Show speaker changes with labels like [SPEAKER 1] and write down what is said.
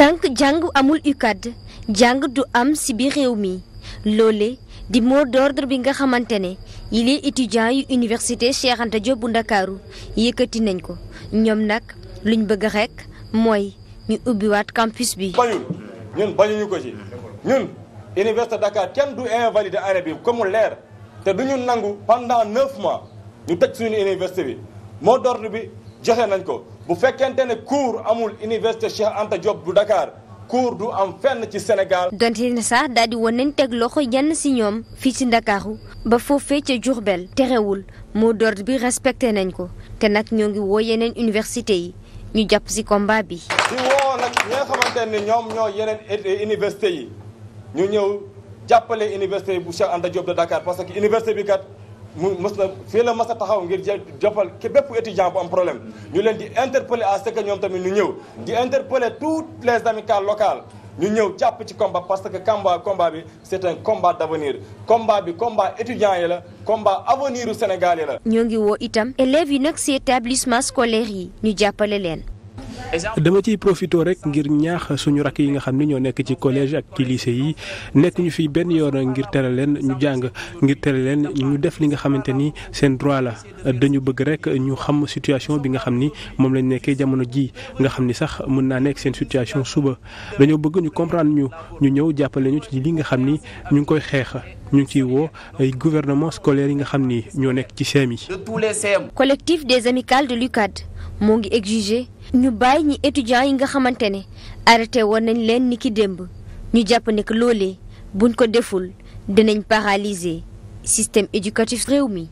[SPEAKER 1] tànk jàng amul UCAD jàng du am ci biir réew mi loole di mot d'ordre bi nga xamante ne yile étudiants yu université Cheikh Anta Diop bu Ndakaaru yëkkati nañ ko ñoom nag luñ bëgg rekk mooy ñu ubbiwaat campus
[SPEAKER 2] bi. bañul ñun bañuñu ko ci ñun université Dakar kenn du invalider année comme leer te du ñu nangu pendant neuf mois ñu tëj suñu université bi mot d'ordre bi joxe nañ ko. bu fekkente ne cours amul université Cheikh Anta Diop bu Dakar cours du am fenn ci Sénégal.
[SPEAKER 1] donte ne sax daal di woon nañ teg loxo yenn si ñoom fii ci Ndakaaru ba foofee ca Diourbel terewul mot d'ordre bi respecté nañ ko te nag ñoo ngi woo yeneen université yi ñu jàpp ci combat bi. di woo
[SPEAKER 2] nag ñi nga xamante ñoom ñoo yeneen université yi ñu ñëw jàppale université bu Cheikh Anta Diop de Dakar parce que université bi kat. mu mos na fii la mas a taxaw ngir jàppal ke bépp étudiant bu am problème ñu leen di interpeller à ce ñoom tamit ñu ñëw di interpeller toutes les amicales locales ñu ñëw jàpp ci combat parce que combat combat bi c'est un combat d'avenir combat bi combat étudiant yi la combat avenir u Sénégal yi la
[SPEAKER 1] ñoo ngi woo itam élèves yi nag si établissement scolaire yi ñu jàppale leen
[SPEAKER 3] dama ciy profité rek ngir ñaax suñu rakk yi nga xam ni ñoo nekk ci collège ak ci yi nekk ñu fi benn yoon ngir tere leen ñu jàng ngir tere leen ñu def li nga xamante ni seen droit la dañu bëgg rek ñu xam situation bi nga xam ni moom lañ nekkee jamono ji nga xam ni sax mën naa nekk seen situation suba dañoo bëgg ñu comprendre ñu ñu ñëw jàppale ñu ci li nga xam ni ñu ngi koy xeex ñu ngi ciy woo ay gouvernement scolaire yi nga xam ni ñoo nekk ci CEM yi.
[SPEAKER 1] moo ngi exiger. ñu bàyyi ñi étudiants yi nga xamante ni arrêté woon nañ leen ni ki démb ñu jàpp ne que loolee buñ ko deful dinañ paralyser système éducatif réew mi.